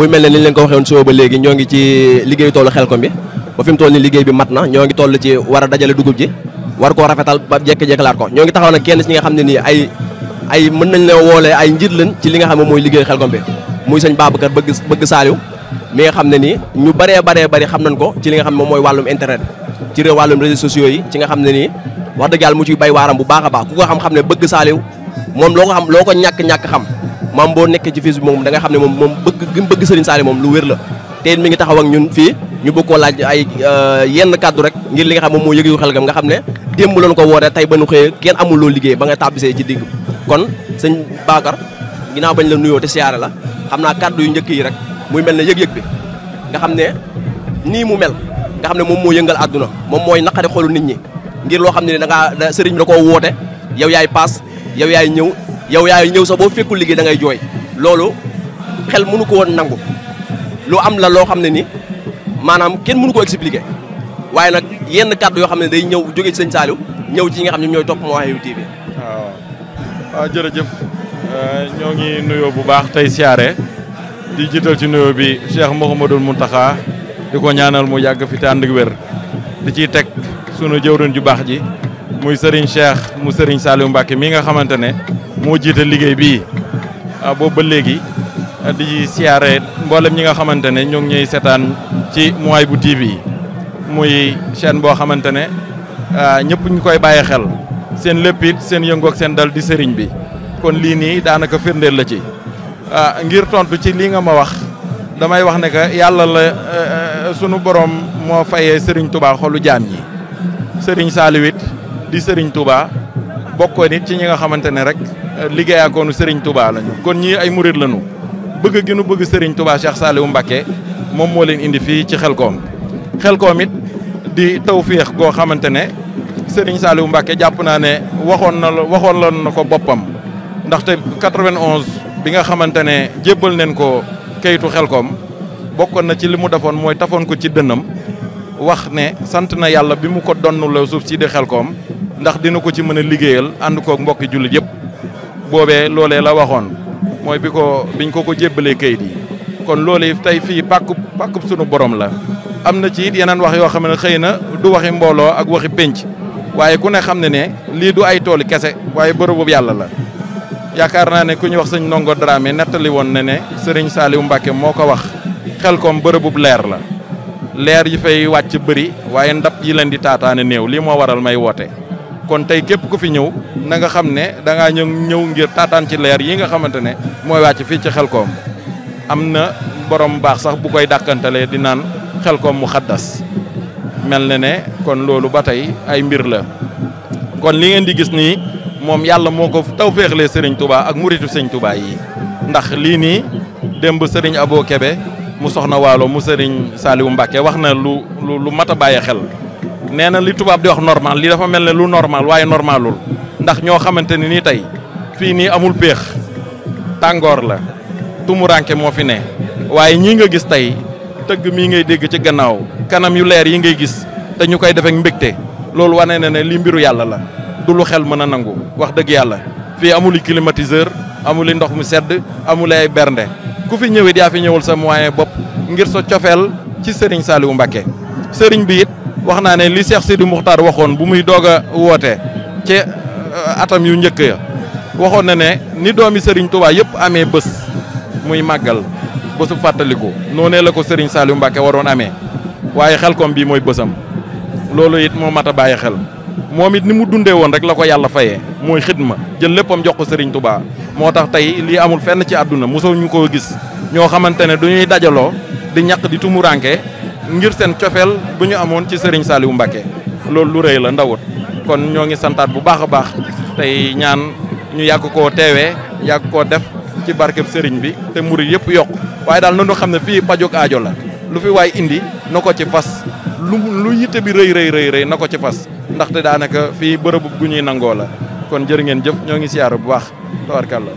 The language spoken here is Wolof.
muy mel ne ni ñu leen ko waxee woon ba léegi ñoo ngi ci liggéeyu toolu Xelcom bi ba fi mu ni liggéey bi mat na ñoo ngi toll ci war a dajale dugub ji war koo rafetal ba jekk-jekkalaat ko ñoo ngi taxaw nag kenn ci ñi nga xam ne nii ay ay mën nañ leen woolee ay njiit lañ ci li nga xam ne mooy liggéeyu Xelcom bi muy sëñ Babacar bëgg bëgg saaliw mi nga xam ne nii ñu baree baree bari xam nañ ko ci li nga xam ne moom mooy wàllum internet ci réew wàllum réseaux sociaux yi ci nga xam ne nii wax dëgg mu ciy bay waaram bu baax a baax ku ko xam-xam ne bëgg saaliw moom loo ko loo ko ñàkk-ñàkk xam maam boo nekkee ci Facebook moom da nga xam ne moom moom bëgg gi mu bëgg Serigne Saliou moom lu wér la te mi ngi taxaw ak ñun fii ñu bëgg koo laaj ay euh, yenn kàddu rek ngir li nga xam moom moo yëgeeku xel gam nga xam ne démb loon ko wootee tey ba nu xëyee kenn amul liggéey ba nga tàbbisee ci digg kon sëñ Bakar ginnaaw bañ la nuyoo te siyaare la xam naa kàddu yu njëkk yi rek muy mel ne nga xam ne nii mu mel nga xam ne moom moo yëngal àdduna moom mooy naqari xolu nit ñi ngir loo xam ne da ngaa sëriñ bi da koo woote yow yaay paas yow yaay ñëw yow yaay ñëw sax boo fekkul liggéey dangay ngay jooy loolu xel mënu ko woon nangu lu am la loo xam ne ni maanaam kenn mënu ko expliquer waaye nag yenn kàddu yoo xam ne day ñëw jóge sëñ Saliou ñëw ci nga xam ne ñooy topp Mawahibou TV. waaw waaw jërëjëf euh, ñoo ngi nuyoo bu baax tey siyaare di jiital ci nuyoo bi Cheikh Mouhamadul Mountakha di ko ñaanal mu yàgg fi te ànd ak wér di ciy teg sunu jëwriñ ju baax ji muy sëriñ Cheikh mu Serigne Saliou Mbacke mi nga xamante ne. moo jiite liggéey bii ah, boobu ba léegi ah, di siyaare mboolem ñi nga xamante ne ñoo ngi ñuy seetaan ci Mouhaïbou TV muy chaîne boo xamante ne ah, ñëpp ñu koy bàyyi xel seen lépp it seen yëngu ak seen dal di sëriñ bi kon lii nii daanaka firndeel la ci ngir tontu ci lii nga ma wax damay wax ne que yàlla la eh, sunu borom moo fayee sëriñ Touba xolu jaam yi sëriñ Saliou di sëriñ Touba bokkoon ci ñi nga xamante ne rek. liggéeyaakoonu Serigne Touba lañu kon ñii ay murit lañu bëgg gi nu bëgg Serigne Touba Cheikh Saliou Mbacké moom moo leen indi fii ci xel Xelkom Xelkom it di tawféex goo xamante ne Serigne Saliou Mbacké jàpp naa ne waxoon na waxoon lan na ko boppam ndaxte 91 bi nga xamante ne jébbal nañ ko kayitu xel koom bokkoon na ci li mu defoon mooy tafoon ko ci dënnam wax ne sant na yàlla bi mu ko donn la suuf si di Xelkom ndax dina ko ci mën a liggéeyal ànd koog mbokki jullit yëpp boobee loolee la waxoon mooy bi ko biñ ko ko jébbalee kayit yi kon loolee tey fii pàkkub pàkkub sunu borom la am na ci it yeneen wax yoo xam ne xëy na du waxi mbooloo ak waxi pénc waaye ku ne xam ne ne lii du ay tooli kese waaye bërëbu yàlla la yaakaar naa ne ku ñu wax sëñ dara Dramé nettali woon na ne sëriñ Saliou Mbacke moo ko wax xel koom bërëbub leer la leer yi fay wàcc bëri waaye ndab yi leen di taataane néew lii moo waral may woote kon tey képp ku fi ñëw nanga xam ne da ñëw ñëw ngir taataan ci leer yi nga xamante ne mooy wàcc fii ci xel xelkoom am na borom baax sax bu koy dàqantalee di naan xel xelkoom mu xaddas mel na ne kon loolu ba tey ay mbir la kon li ngeen di gis nii moom yàlla moo ko tawféexlee sëriñ tubaa ak muritu sëñ Touba yi ndax lii nii démb sëriñ aboo Kebe mu soxna waalo mu sëriñ Saliou Mbacke wax na lu lu mat a bàyyi xel. nee li tubab di wax normal li dafa lu normal waye normalul ndax ño xamanteni ni tay fi ni amul péex tangor la tumuranke mo fi ne waye ñi nga gis tay. teug mi ngay dégg ci gannaaw kanam yu leer yi ngay gis te ñukay def ak mbégte loolu wané na né li mbiru yalla la du lu xel mëna nangu wax dëgg yalla fi amul climatiseur amul ndox mu sedd amul ay bernde ku fi ñëwé dia fi ñëwul sa moyen kisering ngir so ciofel ci Serigne salihou Mbacké Serigne bi wax naa ne li Cheikh Sidi Moukhtar waxoon bu muy doog a woote ci euh, atam yu njëkk ya waxoon na ne ni doomi Serigne Touba yëpp amee bës muy màggal bésu fàttaliku noonee la ko Serigne Saliou Mbacke waroon amee waaye koom bii mooy bësam loolu it moo mat a bàyyi xel moom it ni mu dundee woon rek la ko yàlla fayee mooy xidma jël léppam jox ko Serigne Touba moo tax tey lii amul fenn ci àdduna mosoo ñu koo gis ñoo xamante ne du ñuy dajaloo di ñàq di tumuraanke ngir sen tiofel bu ñu amoon ci Serigne Saliou mbake lolou lu reey la ndawut kon ñoo ngi bu baax baax tay ñaan ñu yag ko tewé yag ko def ci barkeb Serigne bi te mourid yep yok waye dal nañu xamne fi fii pajuk aajo la lu fi way indi nako ci fas lu lu yitte bi reey reey reey rëy na ci fas ndaxte ñuy nangola kon jërë ngeen jëf ñoo ngi siyaar bu baax